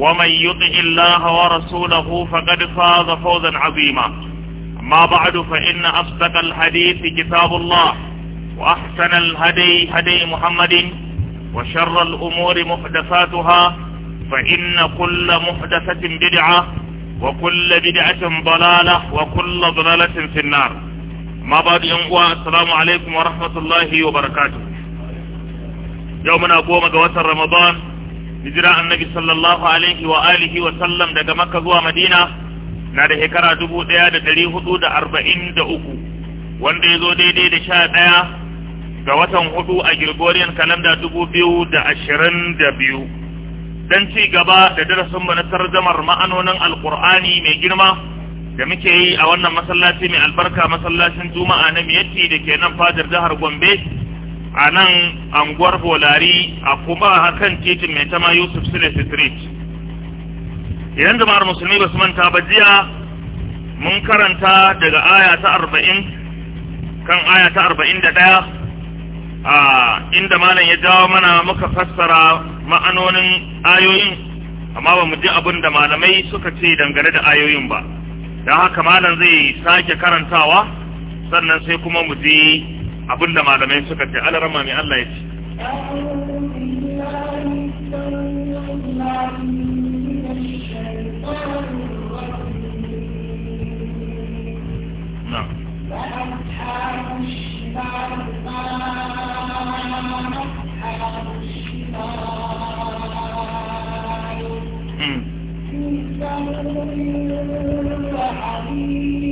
ومن يطع الله ورسوله فقد فاز فوزا عظيما ما بعد فإن أصدق الحديث كتاب الله وأحسن الهدي هدي محمد وشر الأمور محدثاتها فإن كل محدثة بدعة وكل بدعة ضلالة وكل ضلالة في النار ما بعد ينقوى السلام عليكم ورحمة الله وبركاته يومنا قوم قوة رمضان hijira annabi sallallahu alaihi wa alihi wa sallam daga makka zuwa madina na da shekara dubu ɗaya da dari hudu da arba'in da uku wanda ya zo daidai da sha ɗaya ga watan hudu a gregorian kalanda dubu biyu da ashirin da biyu don ci gaba da darasin mu na tarjamar ma'anonin alkur'ani mai girma da muke yi a wannan masallaci mai albarka masallacin juma'a na miyatti da ke nan fadar jihar gombe a nan anguwar bolari a kuma a kan titin mai tama yusuf silis street idan jama'ar musulmi ba su manta ba jiya mun karanta daga aya ta arba'in kan aya ta arba'in da ɗaya a inda malam ya jawo mana muka fassara ma'anonin ayoyin amma ba mu ji abin da malamai suka ce dangane da ayoyin ba don haka malam zai sake karantawa sannan sai kuma mu ji abinda malamai suka ce ala rama ne Allah ya ce you.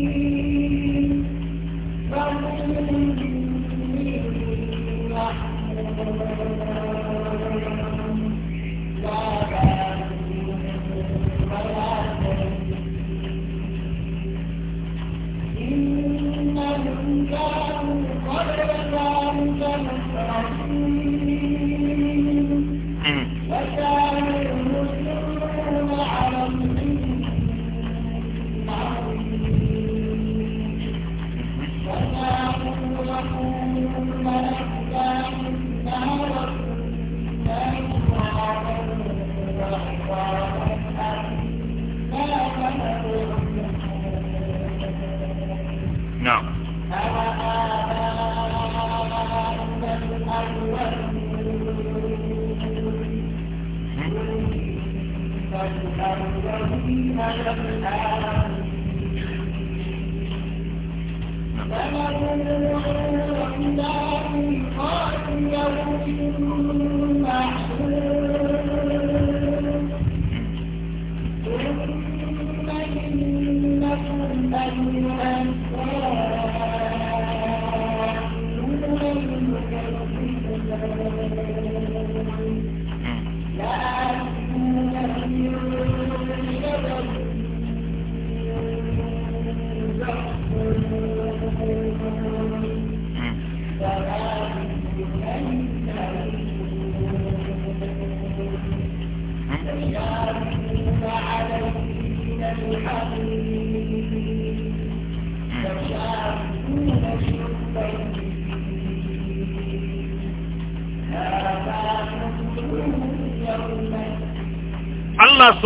I'm not gonna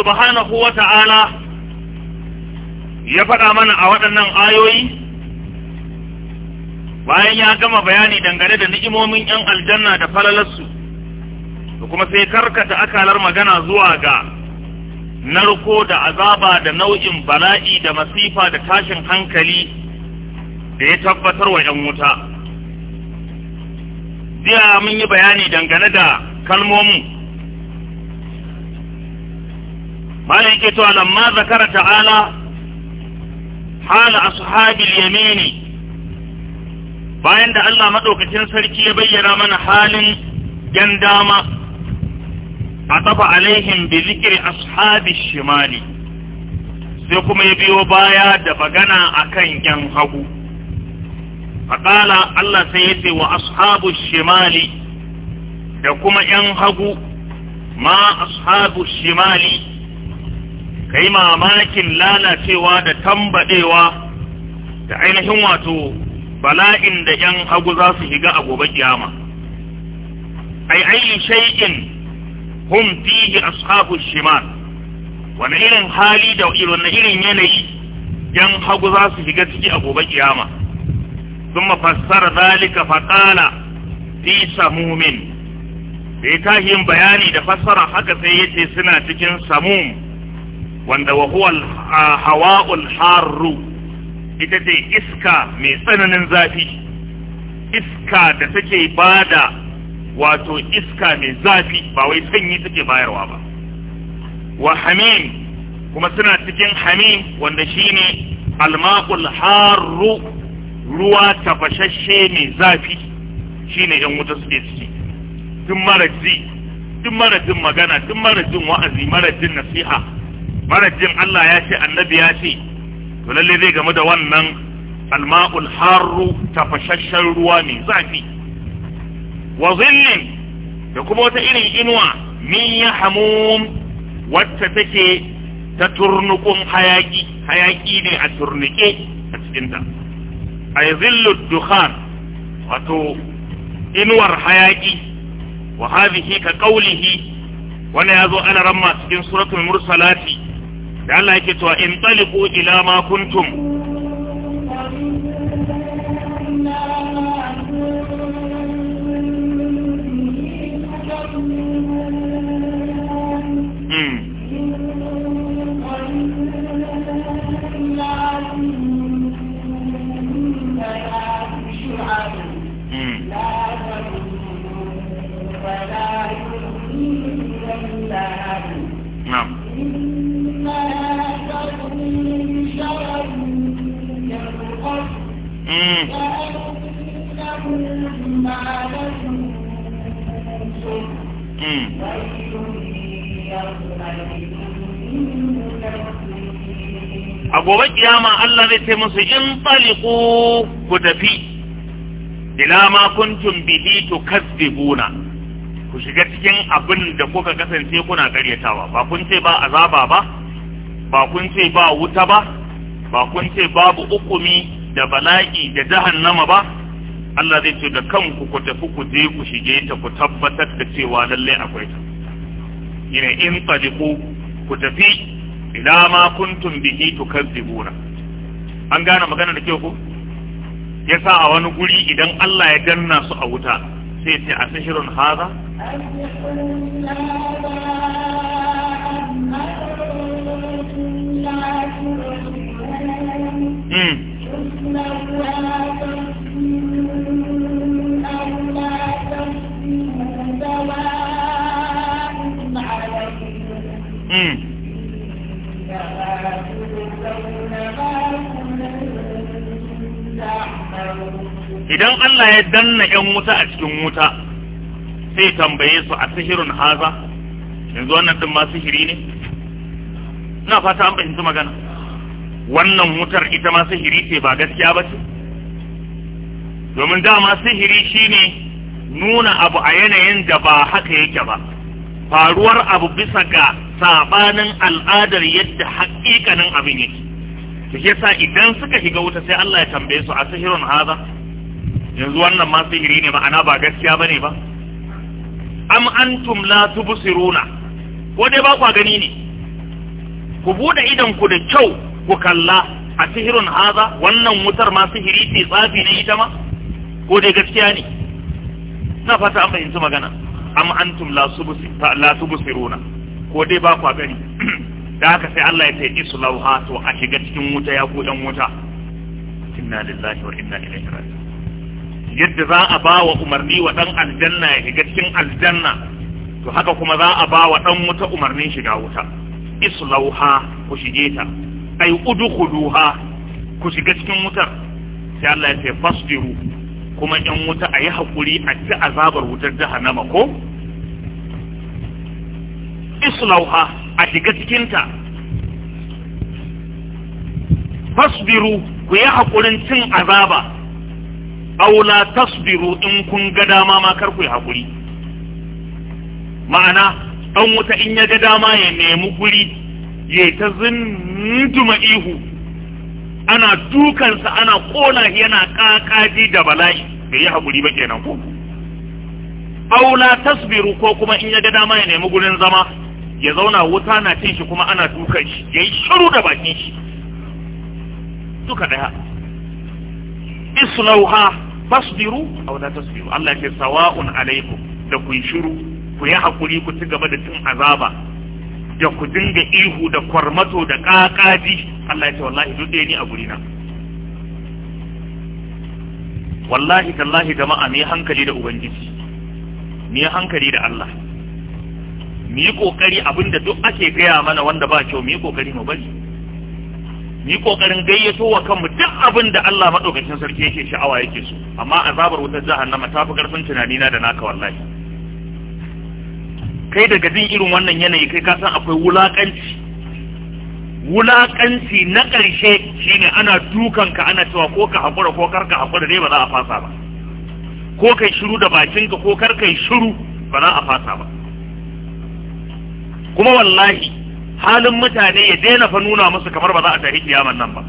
subhanahu wa ta'ala ya faɗa mana a waɗannan ayoyi bayan ya gama bayani dangane da ni'imomin 'yan aljanna da falalarsu da kuma sai karkata akalar magana zuwa ga narko da azaba da nau'in bala'i da masifa da tashin hankali da ya tabbatar wa 'yan wuta jiya mun yi bayani dangane da kalmomin ما يكتو لما ذكر تعالى حال أصحاب اليمين bayan da Allah maɗaukacin sarki ya bayyana mana halin yan dama a tafa alaihim bi zikiri ashabi shimali sai kuma ya biyo baya da bagana akan yan hagu faƙala Allah sai ya ce wa ashabu shimali da kuma yan hagu ma ashabu shimali kai mamakin lalacewa da tambadewa da ainihin wato bala'in da ‘yan hagu za su shiga a gobe kiyama ai ayi shay'in hum fihi ashabu shimal wani irin hali da wani irin yanayi ‘yan hagu za su shiga ciki a gobe kiyama sun mafassar zalika faƙala fi samumin da ya yin bayani da fassara haka sai yace suna cikin samum wanda wa huwa hawa'ul harru ita ce iska mai tsananin zafi iska da take bada wato iska mai zafi ba wai sanyi take bayarwa ba wa hamim kuma suna cikin hamim wanda shine almaul harru ruwa tafashashe mai zafi shine yan wuta suke ciki tun mara ji tun mara jin magana tun mara jin wa'azi mara jin nasiha mara jin Allah ya ce annabi ya ce to lalle zai game da wannan alma'ul harru tafashashen ruwa mai zafi wa zillin da kuma wata irin inuwa min ya hamum wacce take ta turnukun hayaki hayaki ne a turnike a cikinta ay zillu dukhan wato inuwar hayaki wa hadhihi ka qawlihi ya yazo ana ramma cikin suratul mursalati da Allah yake cewa in taliku ila ma kuntum a gobe kiyama Allah zai ce musu in taliku ku tafi ila ma kuntum bihi tukazzibuna ku shiga cikin abin da kuka kasance kuna karyatawa ba kun ce ba azaba ba ba kun ce ba wuta ba ba kun ce babu ukumi da bala'i da jahannama ba Allah zai ce da kanku ku tafi ku je ku shige ta ku tabbatar da cewa lalle akwai ta ina in taliku ku tafi ila ma kuntum bihi tukazzibuna an gane magana da ke ku yasa a wani guri idan Allah ya danna su a wuta sai ce a sihirun haza Mm. idan Allah ya danna yan wuta a cikin wuta sai tambaye su a sihirin haza yanzu wannan ɗin ma sihiri ne ina fata an fahimci magana wannan wutar ita ma sihiri ce ba gaskiya ba ce domin dama sihiri shine nuna abu a yanayin da ba haka yake ba faruwar abu bisa ga sabanin al'adar yadda haƙiƙanin abin yake to yasa idan suka shiga wuta sai Allah ya tambaye su a sihirin haza yanzu wannan ma sihiri ne ma'ana ba gaskiya bane ba am antum la tubsiruna ko dai ba ku gani ne ku bude idan ku da kyau ku kalla a sihirun haza wannan wutar ma sihiri ce tsafi ne ita ma ko dai gaskiya ne na fata an fahimci magana am antum la la tubsiruna ko dai ba ku gani da haka sai Allah ya ce islauha to a shiga cikin wuta ya ku dan wuta inna lillahi wa inna ilaihi raji'un yadda za a ba wa umarni wa ɗan aljanna ya shiga cikin aljanna to haka kuma za a ba wa ɗan wuta umarnin shiga wuta islauha ku shige ta ai udkhuluha ku shiga cikin wutar sai Allah ya ce fasbiru kuma in wuta a yi haƙuri a ci azabar wutar jahannama ko islauha a shiga cikinta. ta fasbiru ku yi haƙurin cin azaba aula tasbiru in kun ga dama ma kar ku yi hakuri ma'ana dan wuta in ya ga dama ya nemi guri ya ta zunduma ihu ana dukansa ana kona yana kakaji da bala'i bai yi hakuri ba kenan ko aula tasbiru ko kuma in ya ga dama ya nemi gurin zama ya zauna wuta na cin shi kuma ana dukan shi yayi shiru da bakin shi duka daya islauha fasbiru aw la tasbiru Allah ya sawa'un alaikum da ku shiru ku yi hakuri ku ci gaba da cin azaba da ku dinga ihu da kwarmato da kakaji Allah ya ce wallahi duk ni a gurina wallahi tallahi jama'a mu hankali da ubangiji ni hankali da Allah mu yi kokari abinda duk ake gaya mana wanda ba kyau mu yi kokari mu bari yi kokarin gayyato wa kanmu duk abin da Allah madaukakin sarki yake sha'awa yake so amma azabar wutar jahannama ta fi karfin tunani na da naka wallahi kai daga jin irin wannan yanayi kai ka san akwai wulakanci wulakanci na ƙarshe shine ana dukan ka ana cewa ko ka hakura ko kar ka hakura ne ba za a fasa ba ko kai shiru da bakinka ko kar kai shiru ba za a fasa ba kuma wallahi halin mutane ya daina fa nuna musu kamar ba za a tafi kiyaman nan ba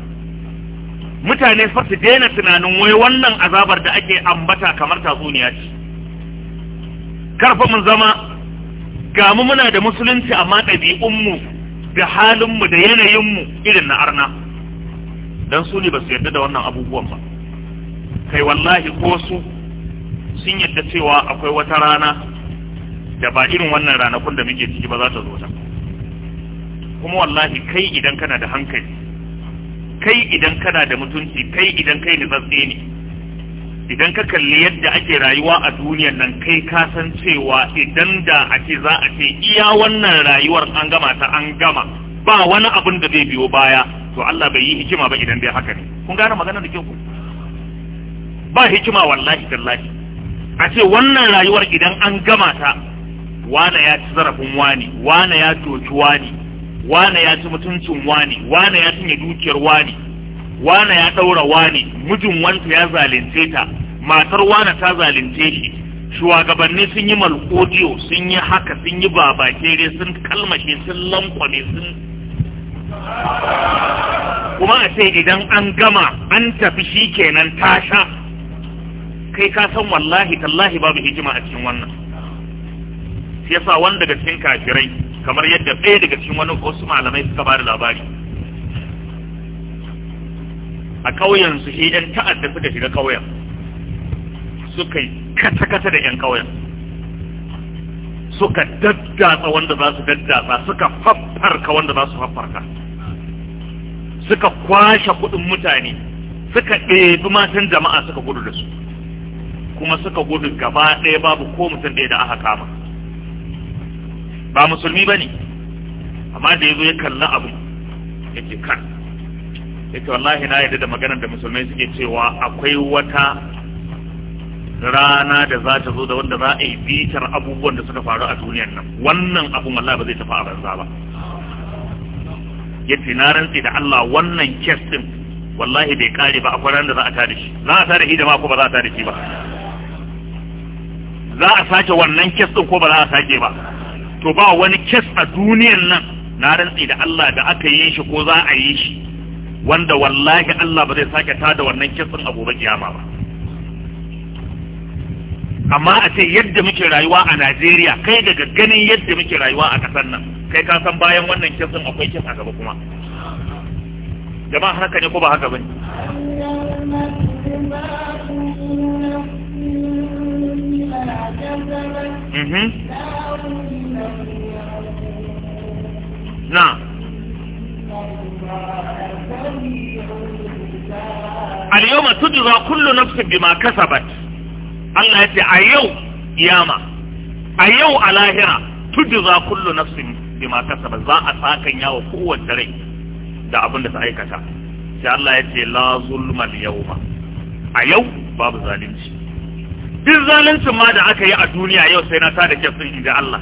mutane fa su daina tunanin wai wannan azabar da ake ambata kamar tatsuniya ce karfa mun zama ga mu muna da musulunci amma ɗabi'unmu da halinmu da yanayinmu irin na arna don su ne ba su yarda da wannan abubuwan ba kai wallahi ko su sun yarda cewa akwai wata rana da ba irin wannan ranakun da muke ciki ba za ta zo ta kuma wallahi kai idan kana da hankali kai idan kana da mutunci kai idan kai da tsatsi ne idan ka kalli yadda ake rayuwa a duniyar nan kai ka san cewa idan da a ce za a ce iya wannan rayuwar an gama ta an gama ba wani abin da zai biyo baya to Allah bai yi hikima ba idan bai haka ne kun gane magana da kyau ba hikima wallahi tallahi a ce wannan rayuwar idan an gama ta wane ya ci zarafin wani wane ya toci wani wane ya ci mutuncin wane wane ya cinye dukiyar wane wane ya ɗaura wane mijin wanta ya zalunce ta matar wane ta zalunce shi shugabanni sun yi malkodiyo sun yi haka sun yi dai sun kalmashe sun lankwame sun kuma a ce idan an gama an tafi shi kenan tasha kai ka san wallahi tallahi babu hijima a cikin wannan shi yasa wanda daga cikin kafirai kamar yadda ɗaya daga cikin wani wasu malamai suka ba da labari a ƙauyen su shi ‘yan ta'adda suka shiga ƙauyen suka yi kata-kata da ‘yan ƙauyen suka daddatsa wanda za su daddatsa suka faffarka wanda za su faffarka suka kwashe kuɗin mutane suka ɗebi matan jama'a suka gudu da su kuma suka gudu gaba ɗaya babu ko mutum ɗaya da aka kama ba musulmi ba ne amma da ya zo ya kalla abu ya ke kan ya ce wallahi na yadda da maganar da musulmai suke cewa akwai wata rana da za ta zo da wanda za a yi bitar abubuwan da suka faru a duniyar nan wannan abun wallahi ba zai tafi a banza ba ya ce na rantse da Allah wannan kes din wallahi bai kare ba akwai ran da za a tare shi za a tare shi da ma ko ba za a tare shi ba za a sake wannan kes din ko ba za a sake ba to ba wani kes a duniyan nan na rantsi da Allah da aka yi shi ko za a yi shi wanda wallahi Allah ba zai sake ta da wannan kesin a gobe kiyama ba amma a ce yadda muke rayuwa a Najeriya kai daga ganin yadda muke rayuwa a kasar nan kai ka san bayan wannan kesin akwai kes a gaba kuma jama'a haka ne ko ba haka bane Mm-hmm. na aliyoma tudu kullu nafsin bima kasabat Allah ya ce a yau yama a yau alahira. lahira za kullu nafsin bima kasabat za a tsakan yawo kowace rai da abin da ta aikata sai Allah ya ce la zulma yawma a yau babu zalunci duk zalunci ma da aka yi a duniya yau sai na ta da kefin inda Allah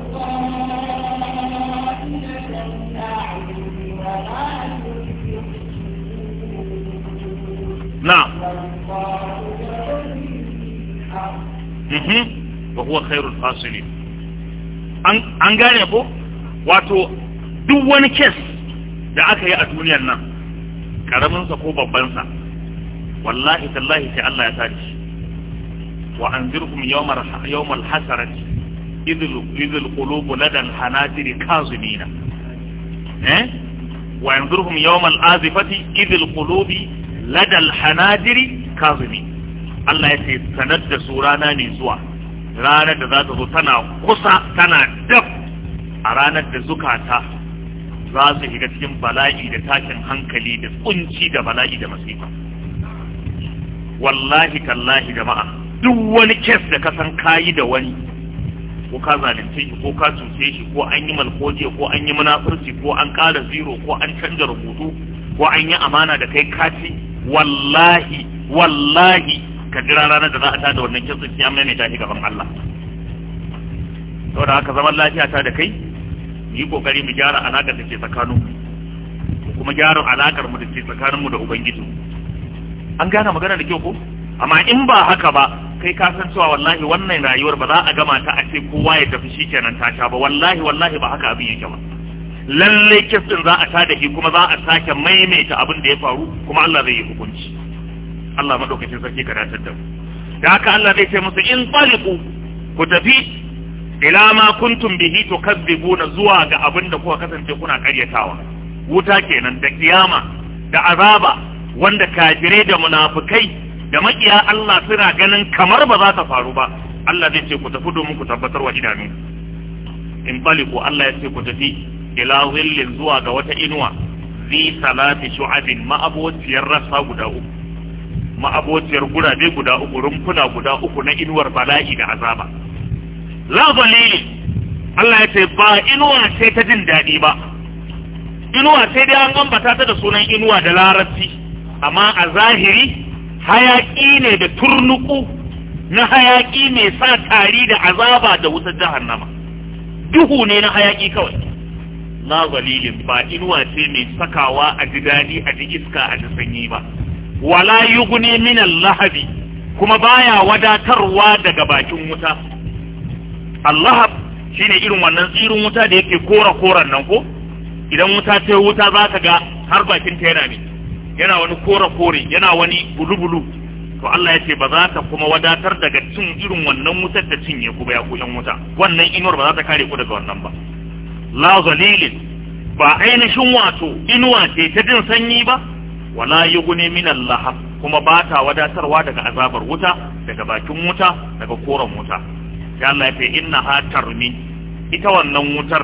na'am wa huwa khairul fasilin an gane ko wato duk wani kes da aka yi a duniyar nan karaminsa ko babbansa wallahi tallahi sai Allah ya sace wa anzirkum yawmal yawmal hasarati idhil idhil qulubu ladan hanajiri kazimina eh wa anzirkum yawmal azifati idhil qulubi ladal hanadiri, kazumi Allah ya ce sanar da su rana ne zuwa ranar da za ta zo tana kusa tana daf a ranar da zukata za su shiga cikin bala'i da tashin hankali da kunci da bala'i da masifa wallahi tallahi jama'a duk wani kes da ka san kayi da wani ko ka zalunce shi ko ka cuce shi ko an yi malkoje ko an yi munafurci ko an ƙara zero ko an canza rubutu ko an yi amana da kai kati wallahi wallahi ka jira ranar da za a tada wannan kitso sai amma mai shi gaban Allah saboda haka zaman lafiya ta da kai yi kokari mu gyara alakar da ke tsakanin mu kuma gyara alakar mu da ke tsakanin mu da ubangiji an gane magana da kyau ko amma in ba haka ba kai ka san cewa wallahi wannan rayuwar ba za a gama ta a ce kowa ya tafi shi kenan ta sha ba wallahi wallahi ba haka abin yake ba lalle kistin za a tada shi kuma za a sake maimaita abin da ya faru kuma Allah zai yi hukunci Allah madaukakin sarki ka datar da mu da haka Allah zai ce musu in taliqu ku tafi ila ma kuntum bihi tukazzibuna zuwa ga abin da kuka kasance kuna karyatawa wuta kenan da kiyama da azaba wanda kafire da munafikai da makiya Allah suna ganin kamar ba za ta faru ba Allah zai ce ku tafi domin ku tabbatar wa idanu in taliqu Allah ya ce ku tafi ila zillin zuwa ga wata inuwa fi salati shu'abin ma'abociyar rasa guda uku ma'abociyar gurabe guda uku rumfuna guda uku na inuwar bala'i da azaba la zalili Allah ya ce ba inuwa ce ta jin daɗi ba inuwa sai dai an ambata ta da sunan inuwa da larabci amma a zahiri hayaƙi ne da turnuku na hayaƙi mai sa tari da azaba da wutar jahannama duhu ne na hayaƙi kawai Na zalilin ba inuwa ce mai sakawa a ji daɗi a ji iska a ji sanyi ba wala yughni min al-lahabi kuma baya wadatarwa daga bakin wuta allahab shine irin wannan tsirin wuta da yake kora koran nan ko idan wuta ta wuta za ka ga har bakin ta yana ne yana wani kora kore yana wani bulu bulu to Allah ya ce ba za ta kuma wadatar daga cin irin wannan wutar da cinye ku ba ya ku yan wuta wannan inuwar ba za ta kare ku daga wannan ba la zalilin ba ainihin wato inuwa ce ta jin sanyi ba wala yughni min Allah kuma ba ta wadatarwa daga azabar wuta daga bakin wuta daga koren wuta ya Allah ya ce inna ha tarmi ita wannan wutar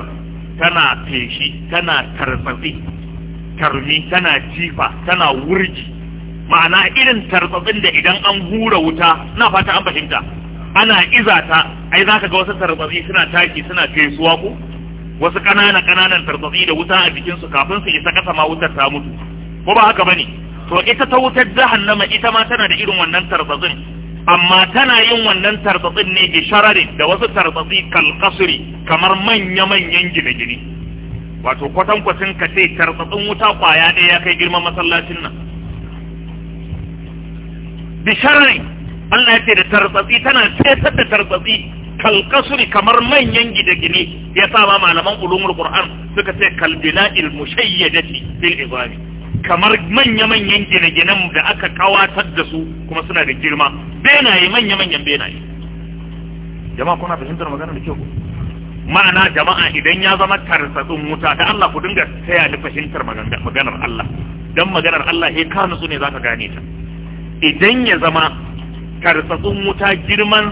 tana feshi tana tartsatsi tarmi tana jifa tana wurji ma'ana irin tartsatsin da idan an hura wuta na fata an fahimta ana izata ai zaka ga wasu tarbabi suna taki suna fesuwa ko wasu kanana ƙananan tartsatsi da wuta a jikinsu kafin su isa ƙasa ma wutar ta mutu ko ba haka bane to ita ta wutar jahannama ita ma tana da irin wannan tartsatsin amma tana yin wannan tartsatsin ne bi da wasu tartsatsi kalkasuri kamar manya-manyan gine-gine wato kwatankwacin ka ce tartsatsin wuta kwaya ɗaya ya kai girman masallacin nan bi shararin Allah ya ce da tartsatsi tana fesar da tartsatsi kalkasuri kamar manyan gine-gine ya sa ma malaman ulumul qur'an suka ce kalbina il mushayyadati fil izami kamar manya-manyan gine-ginen da aka kawatar da su kuma suna da girma benaye manya-manyan benaye jama'a kuna fahimtar magana da kyau ma'ana jama'a idan ya zama tarsatsun wuta da Allah ku dinga taya ni fahimtar maganar Allah dan maganar Allah he ka nutsu ne zaka gane ta idan ya zama tarsatsun wuta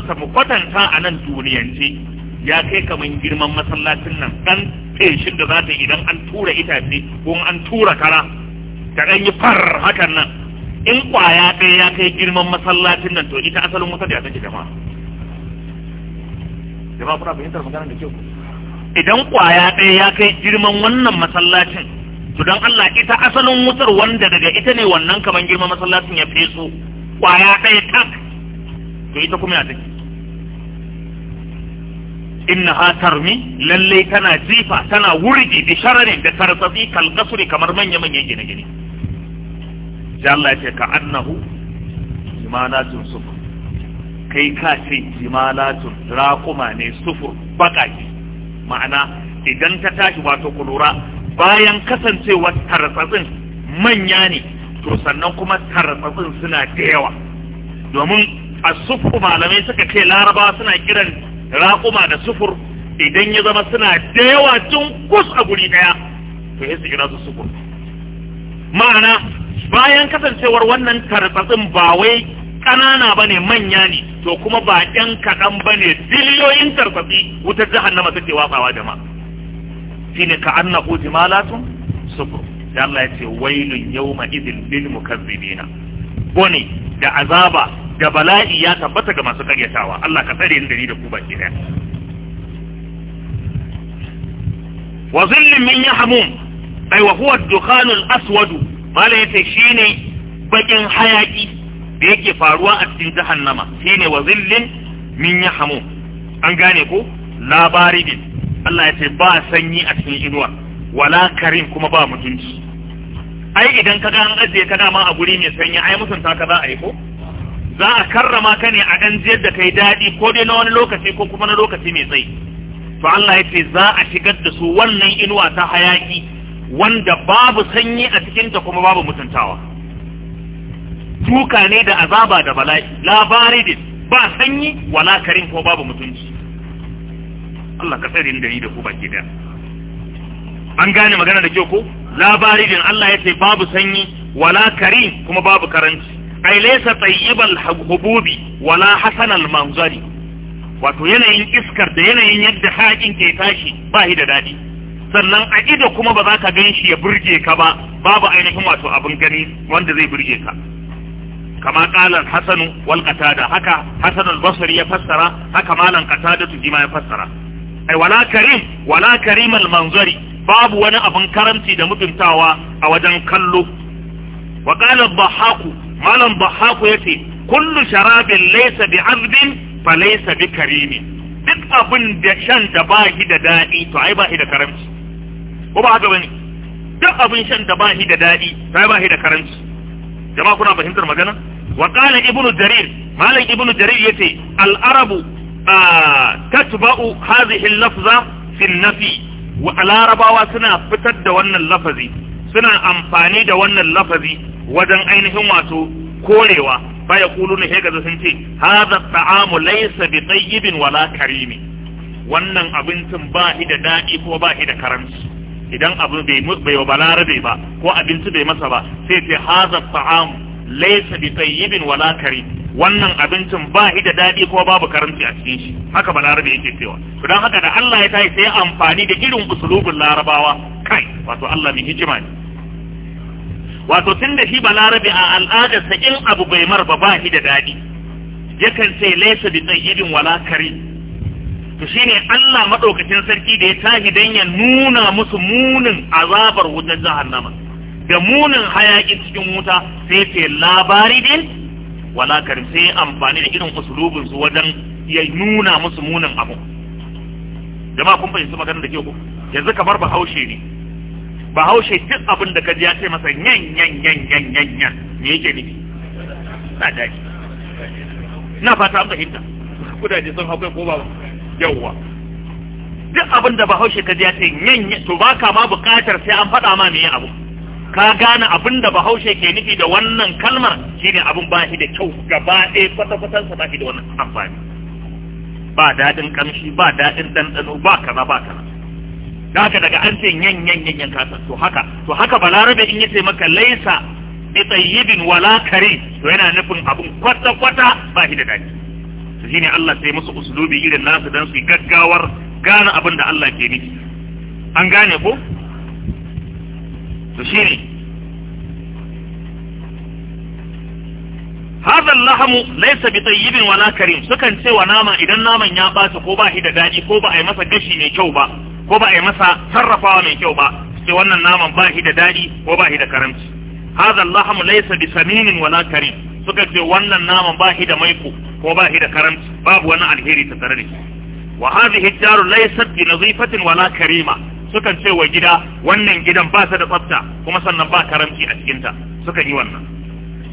sa mu kwatanta a nan duniyance ya kai kaman girman masallacin nan dan feshin da za ta idan an tura itace ko an tura kara ta ɗan yi far hakan nan in kwaya ɗaya ya kai girman masallacin nan to ita asalin wutar da take jama'a jama'a kuna fahimtar magana da kyau idan kwaya ɗaya ya kai girman wannan masallacin to don Allah ita asalin wutar wanda daga ita ne wannan kaman girman masallacin ya feso kwaya ɗaya tak to ita kuma ya take inna ha tarmi lallai tana jifa tana wurge bi sharari da tarsatsi kalkasuri kamar manya manyan gine gine Jalla Allah ya ce ka annahu jimalatun sufur kai ka ce jimalatun raquma ne sufur bakaki ma'ana idan ta tashi wato kulura bayan kasancewa tarsatsin manya ne to sannan kuma tarsatsin suna da yawa domin a sufu malamai suka ce laraba suna kiran raƙuma da sufur idan ya zama suna da yawa tun kus a guri ɗaya to ya su kira su sufur ma'ana bayan kasancewar wannan tarzatsin ba wai ƙanana ba ne manya ne to kuma ba ɗan kaɗan ba ne biliyoyin tartsatsi wutar jahannama take watsawa jama'a shine ka annahu jimalatun sufur sai Allah ya ce wailun yawma idil lil mukazzibina bone da azaba da bala'i ya tabbata ga masu karyatawa Allah ka tsare ni da ni da ku baki daya wa zillin min yahmum ay wa huwa ad-dukhan al-aswad mala yace shine bakin hayaki da yake faruwa a cikin jahannama shine wa zillin min yahmum an gane ko labaridin Allah yace ba sanyi a cikin inuwa wala karim kuma ba mutunci ai idan ka ga an ajiye ka dama a guri mai sanyi ai mutunta ka za a yi ko za a karrama ka ne a ɗan jiyar da kai daɗi ko dai na wani lokaci ko kuma na lokaci mai tsayi to Allah ya ce za a shigar da su wannan inuwa ta hayaki wanda babu sanyi a cikinta kuma babu mutuntawa tuka ne da azaba da bala'i labari da ba sanyi wala karin ko babu mutunci Allah ka tsari da ni da ku ba da an gane magana da kyau ko labari din Allah ya ce babu sanyi wala karin kuma babu karanci ai laysa tayyibal hububi wala hasanal manzari wato yanayin iskar da yanayin yadda haƙin ke tashi ba da daɗi sannan a ido kuma ba za ka gan shi ya burge ka ba babu ainihin wato abin gani wanda zai burge ka kama kalan hasanu wal qatada haka hasan basri ya fassara haka malan qatada tu ya fassara ai wala karim wala karim manzari babu wani abin karamci da mutuntawa a wajen kallo wa qala dhahaku malam bahaku ya ce kullu sharabin laisa bi azbin fa laisa bi karimi duk abin da shan da ba shi da daɗi to ai ba shi da karamci ko ba haka bane duk abin shan da ba shi da daɗi to ai ba shi da karamci jama'a kuna fahimtar magana wa qala ibnu jarir malam ibnu jarir yace al arabu tatba'u hadhihi al lafza fi nafi wa al arabawa suna fitar da wannan lafazi suna amfani da wannan lafazi wajen ainihin wato korewa baya ya kulu ne ga sun ce hadha ta'amu laysa bi tayyibin wala karimi wannan abincin ba shi da dadi ko ba shi da karanci idan abu bai bai balarabe ba ko abinci bai masa ba sai ce hadha ta'amu laysa bi tayyibin wala karimi wannan abincin ba shi da daɗi ko babu karanci a cikin shi haka ba larabe yake cewa to don haka da Allah ya tayi sai amfani da irin usulubin larabawa kai wato Allah mai hikima ne wato tun da shi balarabe a al'adarsa in abu bai mar ba ba shi da dadi, yakan sai laisa bi irin wala kari to shine Allah madaukakin sarki da ya tahi dan ya nuna musu munin azabar wutar jahannama da munin hayaki cikin wuta sai ce labari din wala kari sai amfani da irin usulubin su wajen ya nuna musu munin abu jama'a kun fahimci maganar da ke ku yanzu kamar haushe ne bahaushe duk abin da kaji ya ce masa yan yan yan yan yan yan me yake nufi na daji na fata an fahimta kudaje sun hau kai ko ba yawwa duk abin da bahaushe kaji ya ce yan yan to ka ma bukatar sai an faɗa ma me ya abu ka gane abin da bahaushe ke nufi da wannan kalmar shine abin ba shi da kyau gaba ɗaya kwata-kwatan sa ba shi da wannan amfani ba daɗin ƙamshi ba daɗin ɗanɗano ba kaza ba kaza da haka daga an ce yan yan yan yan kasa to haka to haka balarabe in yace maka laisa bi tayyibin wala kare to yana nufin abun kwata kwata ba shi da dadi to shine Allah sai musu uslubi irin nasu dan su gaggawar gane abin da Allah ke nufi an gane ko to shine hadha al-lahm laysa bi tayyibin wala karim sukan ce wa nama idan naman ya bata ko ba shi da dadi ko ba a yi masa gashi mai kyau ba ko ba a yi masa sarrafawa mai kyau ba suke wannan naman ba shi da daɗi ko ba shi da karamci hadha allahum laysa saminin wala karim suka ce wannan naman ba shi da maiko ko ba shi da karamci babu wani alheri ta tare da shi wa hadhihi ad-daru laysat bi nazifatin wala karima sukan ce wa gida wannan gidan ba ta da tsafta kuma sannan ba karamci a cikin ta sukan yi wannan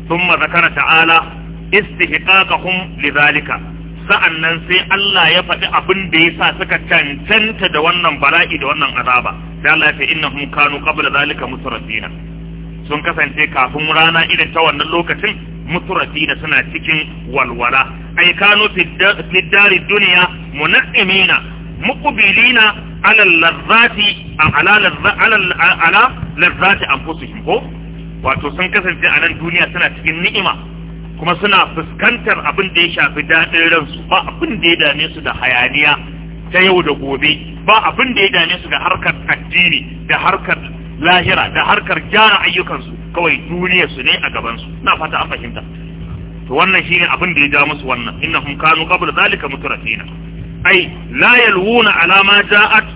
thumma zakara ta'ala istihqaqahum lidhalika sa'an nan sai Allah ya faɗi abin da ya sa suka cancanta da wannan bala'i da wannan azaba Da Allah ya ce innahum kanu qabla zalika musrafina sun kasance kafin rana irin ta wannan lokacin musrafina suna cikin walwala Ai kanu fi duniya. dunya munaqimina muqbilina ala lazzati ala ala lazzati anfusihim ko wato sun kasance a nan duniya suna cikin ni'ima kuma suna fuskantar abin da ya shafi daɗin ransu ba abin da ya dame su da hayaniya ta yau da gobe ba abin da ya dame su da harkar addini da harkar lahira da harkar gyara ayyukansu kawai duniyarsu ne a gabansu na fata a fahimta to wannan shine abin da ya ja musu wannan innahum kanu qabla zalika mutrafina ai la yalwuna ala ma ja'at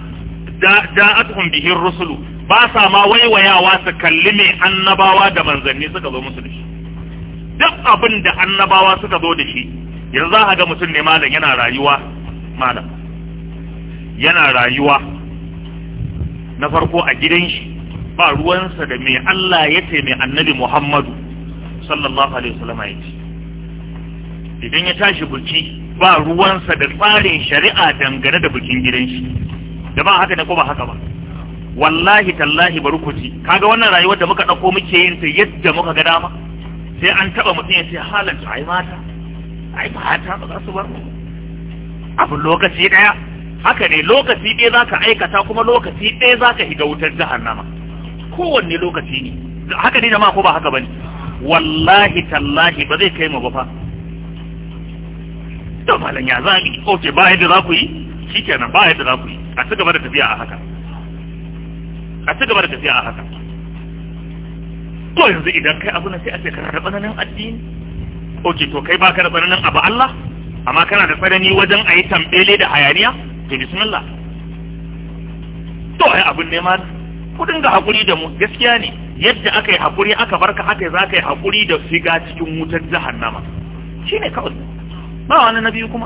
ja'atuhum bihi ar-rusulu ba sa ma waiwayawa su kalli mai annabawa da manzanni suka zo musu da shi duk abin da annabawa suka zo da shi yanzu za a ga mutum ne malam yana rayuwa malam yana rayuwa na farko a gidan shi ba ruwansa da mai Allah ya ce mai annabi Muhammadu sallallahu alaihi wasallam ya ce idan ya tashi buki ba ruwansa da tsarin shari'a dangane da bukin gidan shi da ba haka ne ko ba haka ba wallahi tallahi barkuti kaga wannan rayuwar da muka dauko muke yin ta yadda muka ga dama sai an taba mutum ya ce a ai mata ai mata ba za su bar mu abin lokaci daya haka ne lokaci ɗaya za ka aikata kuma lokaci ɗaya za ka higa wutar jahannama kowanne lokaci ne haka ne jama'a ko ba haka bane wallahi tallahi ba zai kai mu ba fa to malam ya zami oke ba yadda za ku yi shikenan ba yadda za ku yi a ci gaba da tafiya a haka a ci gaba da tafiya a haka to yanzu idan kai abu na sai a ce da tsananin addini oke to kai baka da tsananin abu Allah amma kana da tsanani wajen a yi tambele da hayaniya ke bismillah to ai abun ne ma ku dinga hakuri da mu gaskiya ne yadda aka yi hakuri aka barka haka za ka yi hakuri da shiga cikin wutar jahannama Shi ne kawai ba wani biyu kuma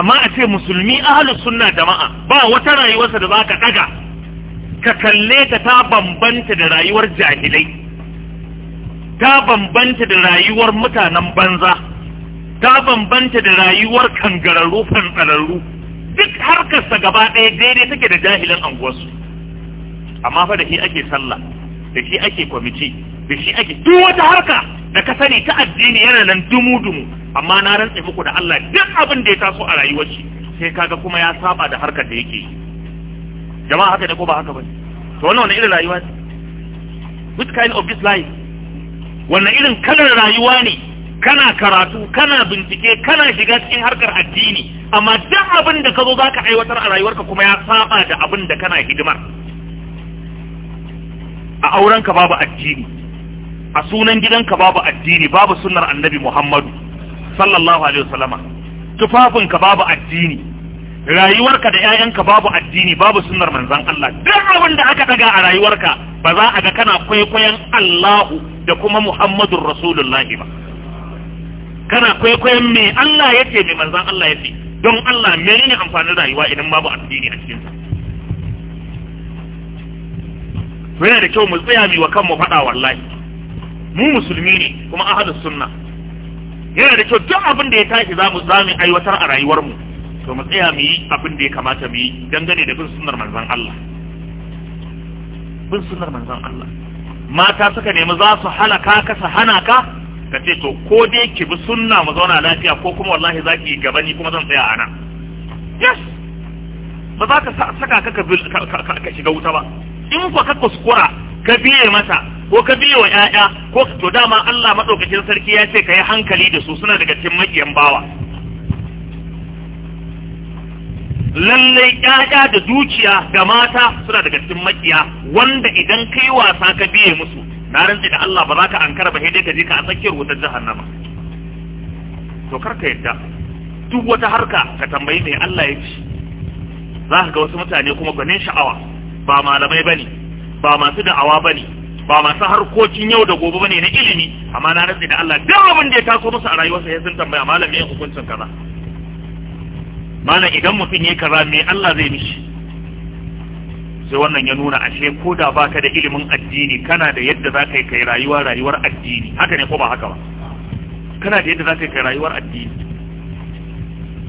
amma a ce musulmi ahalus sunna jama'a ba wata rayuwarsa da ka daga ka kalle ta ta bambanta da rayuwar jahilai ta bambanta da rayuwar mutanen banza ta bambanta da rayuwar kangararru fantsararru duk harkarsa gaba ɗaya daidai take da jahilin anguwarsu amma fa da shi ake sallah da shi ake kwamiti da shi ake duk wata harka da ka sani ta addini yana nan dumu-dumu amma na rantse muku da Allah duk abin da ya taso a rayuwar shi sai kaga kuma ya saba da harkar da yake yi jama'a haka ne ko ba haka ba to wannan irin rayuwa ce which kind of this life wannan irin kalar rayuwa ne kana karatu kana bincike kana shiga cikin harkar addini amma duk abin da ka zo zaka aiwatar a rayuwarka kuma ya saba da abin da kana hidimar a aurenka babu addini a sunan gidanka babu addini babu sunnar annabi Muhammadu sallallahu alaihi wasallama tufafinka babu addini rayuwarka da ƴaƴanka babu addini babu sunnar manzon Allah duk abin da aka daga a rayuwarka ba za a ga kana kwaikwayon Allahu da kuma Muhammadur Rasulullahi ba kana kwaikwayon me Allah yake me manzon Allah yake don Allah menene amfanin rayuwa idan babu addini a cikin yana da kyau mu tsaya mi wa kanmu faɗa wallahi mu musulmi ne kuma ahadus sunna yana da kyau duk abin da ya tashi za mu aiwatar a rayuwarmu to mu tsaya mu yi abin da ya kamata mu yi dangane da bin sunnar manzon Allah bin sunnar manzon Allah mata suka nemi za su halaka ka su hana ka ka ce to ko dai ki bi sunna mu zauna lafiya ko kuma wallahi za ki gaba ni kuma zan tsaya a nan yes ba za ka saka ka ka shiga wuta ba in ku ka kuskura ka biye mata ko ka biye wa 'ya'ya ko to dama Allah madaukakin sarki ya ce ka yi hankali da su suna daga cikin maƙiyan bawa lallai ƴaƴa da zuciya ga mata suna daga cikin makiya wanda idan kai wasa ka biye musu na rantsi da Allah ba za ka ankara ba sai ka je ka a tsakiyar wutar jahannama to kar ka yadda duk wata harka ka tambayi mai Allah ya ci za ka ga wasu mutane kuma gwanin sha'awa ba malamai ba ne, ba masu da'awa ba ne, ba masu harkokin yau da gobe ba ne na ilimi amma na rantsi da Allah duk abin da ya taso musu a rayuwarsa ya sun tambaya malamin hukuncin kaza Mana idan mutum ya kaza me Allah zai mishi sai wannan ya nuna ashe ko da baka da ilimin addini kana da yadda za ka yi kai rayuwa rayuwar addini haka ne ko ba haka ba kana da yadda za ka yi kai rayuwar addini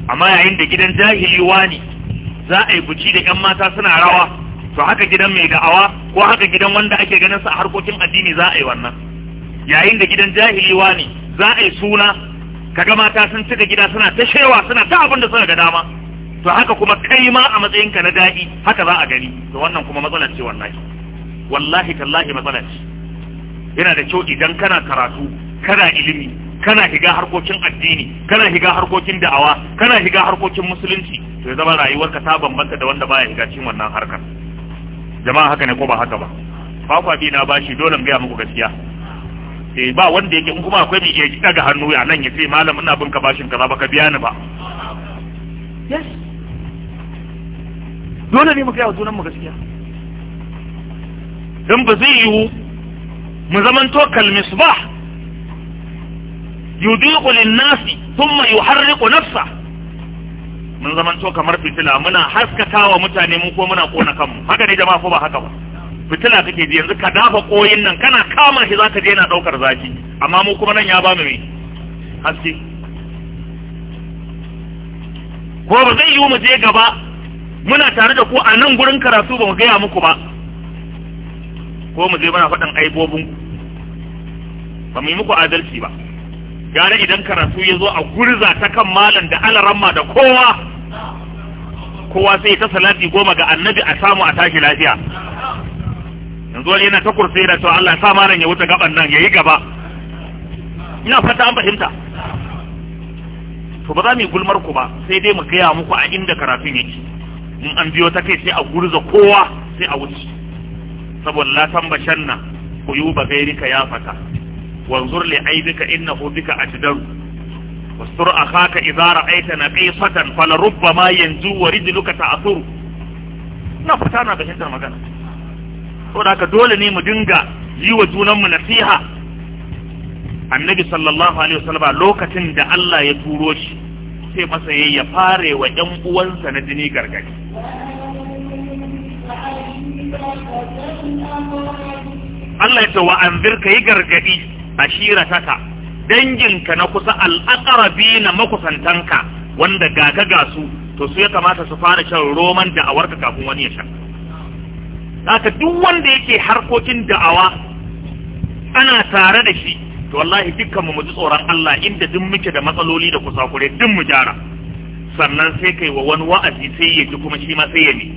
amma yayin da gidan jahili wani za a yi buci da yan mata suna rawa to haka gidan mai da'awa ko haka gidan wanda ake ganin sa a harkokin addini za a yi wannan yayin da gidan jahili wani za a yi suna kaga mata sun cika gida suna ta shewa suna ta abin da suka ga dama to haka kuma kai ma a matsayinka na daɗi haka za a gani to wannan kuma matsalar ce wallahi wallahi tallahi matsalar ce yana da kyau idan kana karatu kana ilimi kana higa harkokin addini kana higa harkokin da'awa kana higa harkokin musulunci to ya zama rayuwarka ta bambanta da wanda baya higa cikin wannan harkar jama'a haka ne ko ba haka ba ba na bashi dole mu gaya muku gaskiya eh ba wanda yake in kuma akwai mai iya daga hannu ya nan ya ce malam ina bin ka bashin kaza baka biya ni ba yes dole ne mu kai wa junan mu gaskiya dan ba zai yiwu mu zamanto kalmisbah yudiqu lin-nasi thumma yuharriqu nafsa mun to kamar fitila muna wa mutane mu ko muna kona kanmu haka ne jama'a ko ba haka ba fitila kake ji yanzu ka dafa koyin nan kana kama shi zaka je yana daukar zaki amma mu kuma nan ya ba mu me haske ko ba zai yi mu je gaba muna tare da ku a nan gurin karatu ba mu gaya muku ba ko mu je muna faɗin aibobin ba mu yi muku adalci ba gare idan karatu ya zo a gurza ta kan malam da alaramma da kowa kowa sai ta salati goma ga annabi a samu a tashi lafiya yanzu wani yana ta kursi yana cewa Allah ya sa malam ya wuce gaban nan ya yi gaba ina fata an fahimta to ba za mu yi gulmar ku ba sai dai mu gaya muku a inda karatun yake in an biyo ta kai sai a gurza kowa sai a wuce saboda la tambashanna ba ghayrika ya fata wanzur li aibika innahu bika ajdaru wastur akhaka idza ra'aita naqisatan fala rubbama yanzu wa rijluka ta'thuru na fata na fahimtar magana saboda dole ne mu dinga yi wa junanmu nasiha annabi sallallahu alaihi wasallam lokacin da Allah ya turo shi sai masa yayi ya fare wa ɗan uwansa na jini gargadi Allah ya tawa wa anzir yi gargadi taka, danginka na kusa al'aqrabi na makusantanka wanda ga gasu to su ya kamata su fara shan roman da awarka kafin wani ya shaka haka duk wanda yake harkokin da'awa ana tare da shi to wallahi dukkan mu ji tsoron Allah inda duk muke da matsaloli da kusakure duk mu gyara sannan sai kai wa wani wa'azi sai ya ji kuma shi ma sai ya ne